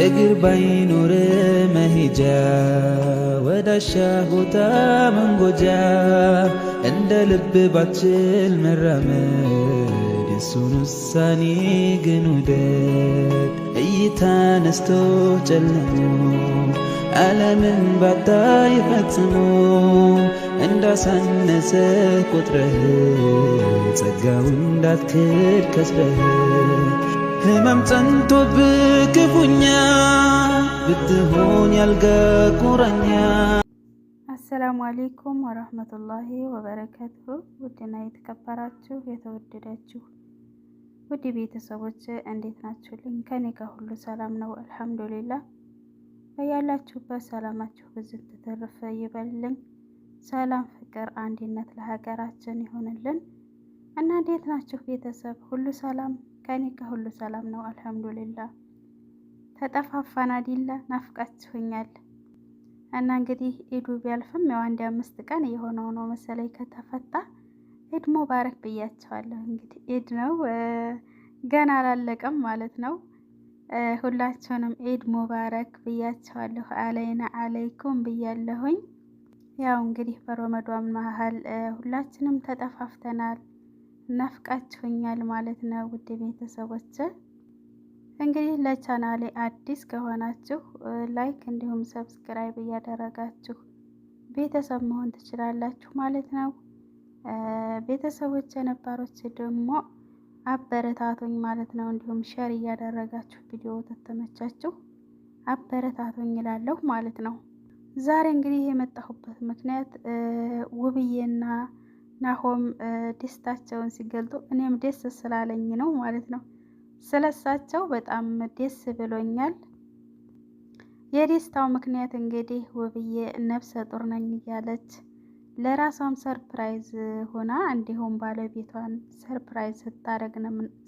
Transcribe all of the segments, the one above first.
እግር ባይኖር መሄጃ ወዳሻ ቦታ መንጎጃ እንደ ልብ ባችል መራመድ የሱን ውሳኔ ግን ውደድ እይታ ነስቶ ጨልሞ ዓለምን ባታይ ፈጽሞ እንዳሳነሰ ቁጥረህ ጸጋው እንዳትክድ ከስረህ ህመም ጸንቶት ብክፉኛ ብትሆን ያልጋ አሰላሙ አሌይኩም ወረህመቱላሂ ወበረከቱ። ውድና የተከበራችሁ የተወደዳችሁ ውድ ቤተሰቦች እንዴት ናችሁልኝ? ከኔ ጋር ሁሉ ሰላም ነው አልሐምዱሊላ። በያላችሁበት ሰላማችሁ ብዝት ትርፍ ይበልልኝ። ሰላም፣ ፍቅር፣ አንድነት ለሀገራችን ይሆንልን እና እንዴት ናችሁ ቤተሰብ ሁሉ ሰላም ከኔ ከሁሉ ሰላም ነው አልሐምዱሊላ። ተጠፋፋን አዲላ ናፍቃችሁኛል። እና እንግዲህ ኢዱ ቢያልፍም ያው አንድ አምስት ቀን የሆነው ነው መሰለኝ ከተፈታ ኢድ ሙባረክ ብያቸዋለሁ። እንግዲህ ኢድ ነው ገና አላለቀም ማለት ነው። ሁላችሁንም ኢድ ሙባረክ ብያቸዋለሁ። አለይና አለይኩም ብያለሁኝ። ያው እንግዲህ በረመዷን መሀል ሁላችንም ተጠፋፍተናል። ናፍቃችሁኛል ማለት ነው ውድ ቤተሰቦች። እንግዲህ ለቻናሌ አዲስ ከሆናችሁ ላይክ እንዲሁም ሰብስክራይብ እያደረጋችሁ ቤተሰብ መሆን ትችላላችሁ ማለት ነው። ቤተሰቦች ነባሮች ደግሞ አበረታቶኝ ማለት ነው። እንዲሁም ሸር እያደረጋችሁ ቪዲዮ ተተመቻችሁ አበረታቶኝ ይላለሁ ማለት ነው። ዛሬ እንግዲህ የመጣሁበት ምክንያት ውብዬና ናሆም ደስታቸውን ሲገልጡ እኔም ደስ ስላለኝ ነው ማለት ነው። ስለሳቸው በጣም ደስ ብሎኛል። የደስታው ምክንያት እንግዲህ ውብዬ ነፍሰ ጡር ነኝ እያለች ለራሷም ሰርፕራይዝ ሆና እንዲሁም ባለቤቷን ሰርፕራይዝ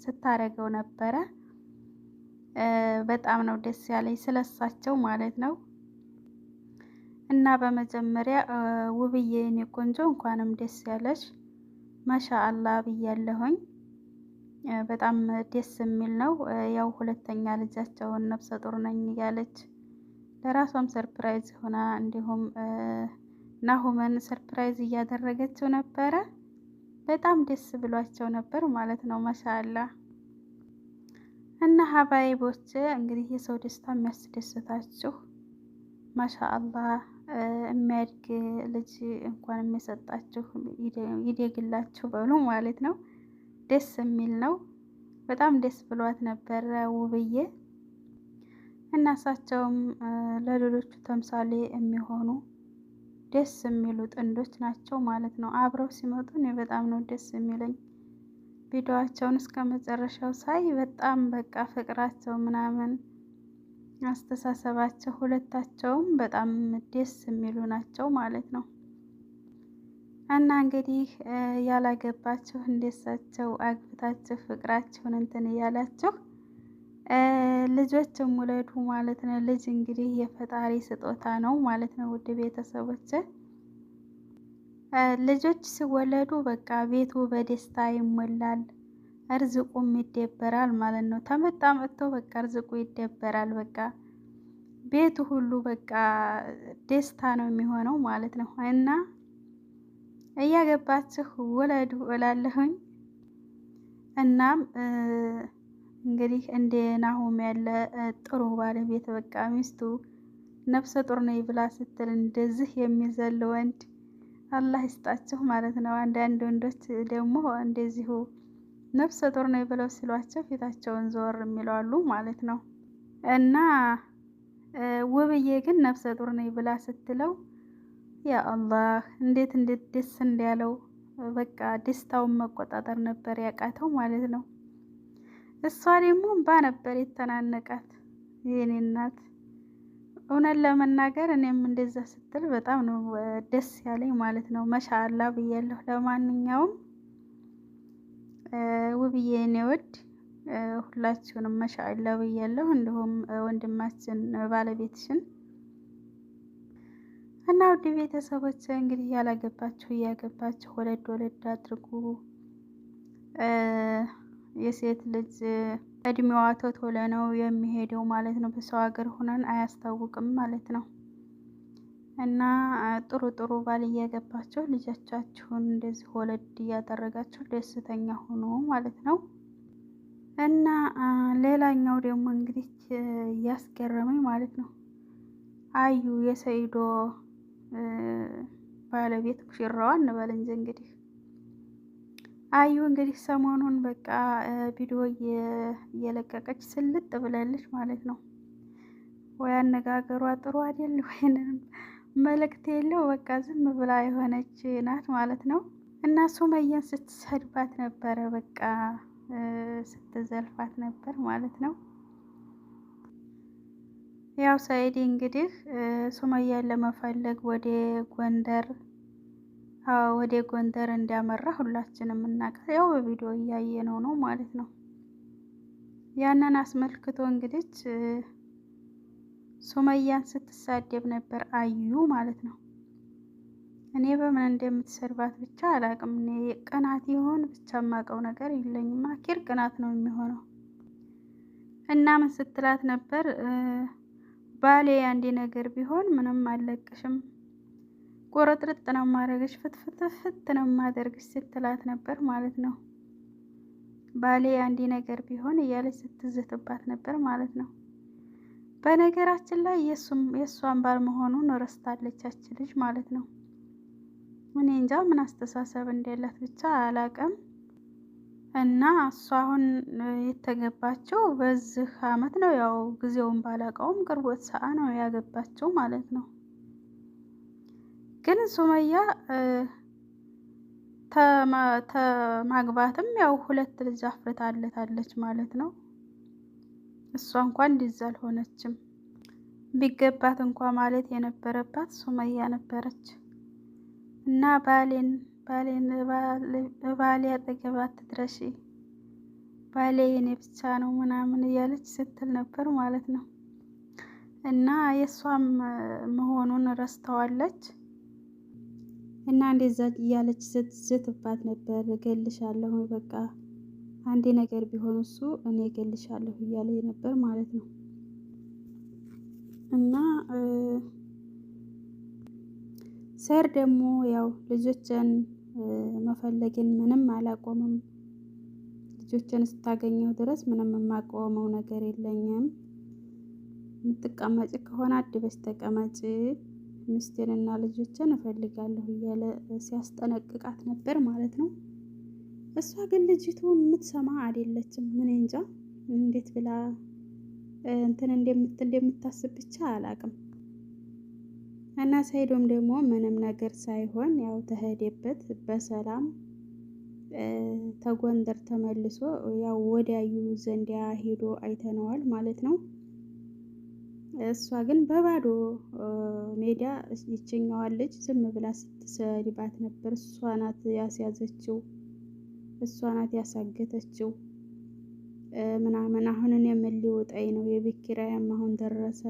ስታደረገው ነበረ። በጣም ነው ደስ ያለኝ ስለሳቸው ማለት ነው። እና በመጀመሪያ ውብዬ የኔ ቆንጆ እንኳንም ደስ ያለሽ ማሻአላ ብያለሁኝ። በጣም ደስ የሚል ነው። ያው ሁለተኛ ልጃቸውን ነፍሰ ጡር ነኝ እያለች ለራሷም ሰርፕራይዝ ሆና እንዲሁም ናሁመን ሰርፕራይዝ እያደረገችው ነበረ። በጣም ደስ ብሏቸው ነበር ማለት ነው። ማሻአላ እና ሀባይቦች እንግዲህ የሰው ደስታ የሚያስደስታችሁ ማሻአላ የሚያድግ ልጅ እንኳን የሚሰጣችሁ ይደግላችሁ በሉ ማለት ነው። ደስ የሚል ነው። በጣም ደስ ብሏት ነበረ ውብዬ። እናሳቸውም ለሌሎቹ ተምሳሌ የሚሆኑ ደስ የሚሉ ጥንዶች ናቸው ማለት ነው። አብረው ሲመጡ እኔ በጣም ነው ደስ የሚለኝ። ቪዲዮዋቸውን እስከ መጨረሻው ሳይ በጣም በቃ ፍቅራቸው ምናምን አስተሳሰባቸው ሁለታቸውም በጣም ደስ የሚሉ ናቸው ማለት ነው። እና እንግዲህ ያላገባችሁ እንደሳቸው አግብታችሁ ፍቅራችሁን እንትን እያላችሁ ልጆች ውለዱ ማለት ነው። ልጅ እንግዲህ የፈጣሪ ስጦታ ነው ማለት ነው። ውድ ቤተሰቦች ልጆች ሲወለዱ በቃ ቤቱ በደስታ ይሞላል። እርዝቁም ይደበራል ማለት ነው። ተመጣ መጥቶ በቃ እርዝቁ ይደበራል። በቃ ቤቱ ሁሉ በቃ ደስታ ነው የሚሆነው ማለት ነው። እና እያገባችሁ ወለዱ እላለሁኝ። እናም እንግዲህ እንደ ናሆም ያለ ጥሩ ባለቤት በቃ ሚስቱ ነፍሰ ጡር ነኝ ብላ ስትል እንደዚህ የሚዘል ወንድ አላህ ይስጣችሁ ማለት ነው። አንዳንድ ወንዶች ደግሞ እንደዚሁ ነፍሰ ጡር ነው ብለው ሲሏቸው ፊታቸውን ዞር የሚለዋሉ ማለት ነው። እና ውብዬ ግን ነፍሰ ጡር ነው ብላ ስትለው ያ አላህ እንዴት እንዴት ደስ እንዳለው በቃ ደስታውን መቆጣጠር ነበር ያቃተው ማለት ነው። እሷ ደግሞ እንባ ነበር የተናነቃት። የኔ እናት እውነት ለመናገር እኔም እንደዛ ስትል በጣም ነው ደስ ያለኝ ማለት ነው። መሻአላ ብያለሁ። ለማንኛውም ውብዬ እኔ ወድ ሁላችሁንም መሻአላ ብያለሁ። እንዲሁም ወንድማችን ባለቤትሽን እና ውድ ቤተሰቦች እንግዲህ ያላገባችሁ እያገባችሁ ወለድ ወለድ አድርጉ። የሴት ልጅ እድሜዋ ቶሎ ነው የሚሄደው ማለት ነው። በሰው ሀገር ሆነን አያስታውቅም ማለት ነው። እና ጥሩ ጥሩ ባል እየገባቸው ልጆቻችሁን እንደዚህ ወለድ እያደረጋቸው ደስተኛ ሆኖ ማለት ነው። እና ሌላኛው ደግሞ እንግዲህ እያስገረመኝ ማለት ነው አዩ የሰይዶ ባለቤት ሙሽራዋ እንበል እንጂ እንግዲህ አዩ እንግዲህ ሰሞኑን በቃ ቪዲዮ እየለቀቀች ስልጥ ብላለች ማለት ነው። ወይ አነጋገሯ ጥሩ አይደል? ወይንም መልእክት የለው በቃ ዝም ብላ የሆነች ናት ማለት ነው። እና ሱመያን ስትሰድባት ነበረ፣ በቃ ስትዘልፋት ነበር ማለት ነው። ያው ሰኢድ እንግዲህ ሱመያን ለመፈለግ ወደ ጎንደር ወደ ጎንደር ሁላችንም እናቀር ያው በቪዲዮ እያየነው ነው ማለት ነው። ያንን አስመልክቶ እንግዲህ ሱመያን ስትሳደብ ነበር አዩ ማለት ነው። እኔ በምን እንደምትሰርባት ብቻ አላቅም። እኔ ቅናት ይሆን ብቻ የማውቀው ነገር የለኝም። አኪር ቅናት ነው የሚሆነው እና ምን ስትላት ነበር? ባሌ አንዴ ነገር ቢሆን ምንም አለቅሽም፣ ቁርጥርጥ ነው ማድረግሽ፣ ፍትፍትፍት ነው ማደርግሽ ስትላት ነበር ማለት ነው። ባሌ አንዴ ነገር ቢሆን እያለች ስትዝትባት ነበር ማለት ነው። በነገራችን ላይ የእሷን ባል መሆኑን ረስታለቻች ልጅ ማለት ነው። እኔ እንጃ ምን አስተሳሰብ እንደላት ብቻ አላቀም። እና እሷ አሁን የተገባቸው በዚህ አመት ነው። ያው ጊዜውን ባላቀውም ቅርቦት ሰአ ነው ያገባቸው ማለት ነው። ግን ሱመያ ተማግባትም ያው ሁለት ልጅ አፍርታለታለች ማለት ነው። እሷ እንኳን እንዲዛ አልሆነችም። ቢገባት እንኳ ማለት የነበረባት ሱመያ ነበረች እና ባሌን ባሌን ባሌ አጠገብ አትድረሺ፣ ባሌ የኔ ብቻ ነው ምናምን እያለች ስትል ነበር ማለት ነው። እና የእሷም መሆኑን ረስተዋለች እና እንደዛ እያለች ስትዝትባት ነበር። እገልሻለሁ በቃ አንዴ ነገር ቢሆን እሱ እኔ እገልሻለሁ እያለ ነበር ማለት ነው። እና ሰር ደግሞ ያው ልጆችን መፈለግን ምንም አላቆምም፣ ልጆችን ስታገኘው ድረስ ምንም የማቆመው ነገር የለኝም። የምትቀመጭ ከሆነ አድበሽ ተቀመጭ፣ ሚስቴንና ልጆችን እፈልጋለሁ እያለ ሲያስጠነቅቃት ነበር ማለት ነው። እሷ ግን ልጅቱ የምትሰማ አይደለችም። ምን እንጃ እንዴት ብላ እንትን እንደምታስብ ብቻ አላቅም። እና ሳይዶም ደግሞ ምንም ነገር ሳይሆን ያው ተሄደበት በሰላም ተጎንደር ተመልሶ ያው ወዲያዩ ዘንድ ሄዶ አይተነዋል ማለት ነው። እሷ ግን በባዶ ሜዳ ይችኛዋን ልጅ ዝም ብላ ስትሰድባት ነበር። እሷ ናት ያስያዘችው። እሷ ናት ያሳገተችው ምናምን አሁን እኔ ምን ሊወጣኝ ነው የቤት ኪራያም አሁን ደረሰ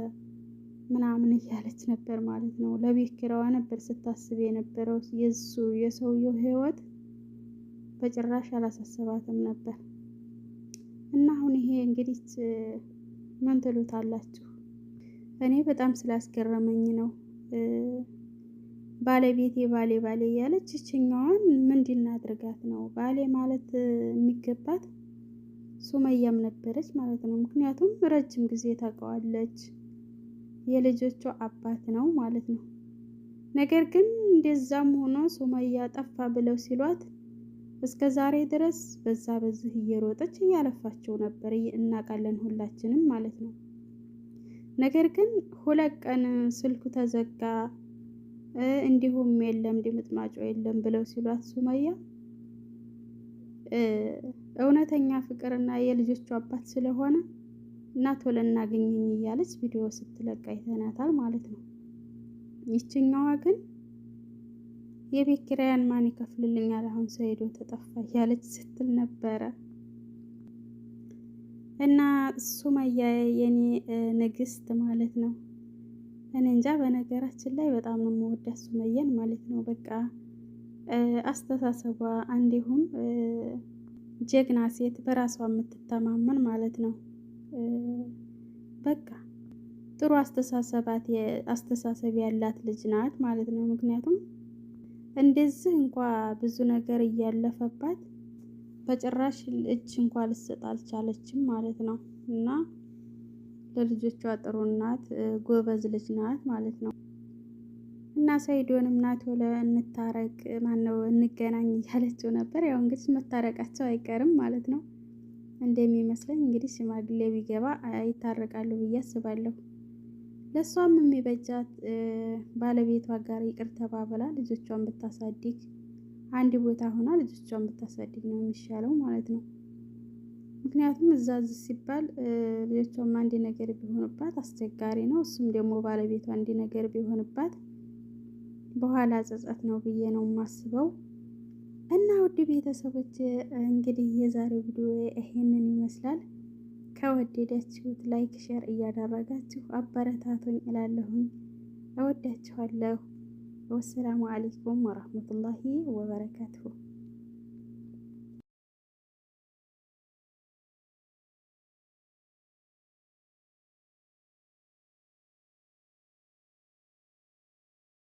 ምናምን እያለች ነበር ማለት ነው። ለቤት ኪራዋ ነበር ስታስብ የነበረው የሱ የሰውየው ህይወት በጭራሽ አላሳሰባትም ነበር። እና አሁን ይሄ እንግዲህ ምን አላችሁ? እኔ በጣም ስላስገረመኝ ነው። ባለቤቴ ባሌ ባሌ እያለች ይችኛዋን ምንድን አድርጋት ነው ባሌ ማለት የሚገባት ሱመያም ነበረች ማለት ነው። ምክንያቱም ረጅም ጊዜ ታውቀዋለች፣ የልጆቿ አባት ነው ማለት ነው። ነገር ግን እንደዛም ሆኖ ሱመያ ጠፋ ብለው ሲሏት እስከ ዛሬ ድረስ በዛ በዚህ እየሮጠች እያለፋቸው ነበር፣ እናውቃለን ሁላችንም ማለት ነው። ነገር ግን ሁለት ቀን ስልኩ ተዘጋ። እንዲሁም የለም ድምጥማጮ የለም ብለው ሲሏት ሱመያ እውነተኛ ፍቅርና የልጆቹ አባት ስለሆነ እና ቶሎ እናገኘኝ እያለች ቪዲዮ ስትለቅ አይተናታል ማለት ነው። ይችኛዋ ግን የቤት ኪራያን ማን ይከፍልልኛል አሁን ሰይዶ ተጠፋ እያለች ስትል ነበረ። እና ሱመያ የኔ ንግስት ማለት ነው። እኔ እንጃ። በነገራችን ላይ በጣም ነው የምወዳት ሱመያን ማለት ነው። በቃ አስተሳሰቧ እንዲሁም ጀግና ሴት በራሷ የምትተማመን ማለት ነው። በቃ ጥሩ አስተሳሰባት አስተሳሰብ ያላት ልጅ ናት ማለት ነው። ምክንያቱም እንደዚህ እንኳ ብዙ ነገር እያለፈባት በጭራሽ እጅ እንኳ ልሰጥ አልቻለችም ማለት ነው እና ለልጆቿ ጥሩ እናት ጎበዝ ልጅ ናት ማለት ነው። እና ሰይዶንም ናቶ ለእንታረቅ ማነው እንገናኝ እያለችው ነበር። ያው እንግዲህ መታረቃቸው አይቀርም ማለት ነው እንደሚመስለኝ። እንግዲህ ሽማግሌ ቢገባ ይታረቃሉ ብዬ አስባለሁ። ለእሷም የሚበጃት ባለቤቷ ጋር ይቅር ተባብላ ልጆቿን ብታሳድግ አንድ ቦታ ሆና ልጆቿን ብታሳድግ ነው የሚሻለው ማለት ነው። ምክንያቱም እዛ ሲባል ልጆቿም አንድ ነገር ቢሆንባት አስቸጋሪ ነው። እሱም ደግሞ ባለቤቷ አንድ ነገር ቢሆንባት በኋላ ጸጸት ነው ብዬ ነው የማስበው። እና ውድ ቤተሰቦች እንግዲህ የዛሬው ቪዲዮ ይሄንን ይመስላል። ከወደዳችሁት ላይክ፣ ሼር እያደረጋችሁ አበረታቱኝ እላለሁኝ። እወዳችኋለሁ። ወሰላሙ አሌይኩም ወረህመቱላሂ ወበረካቱሁ።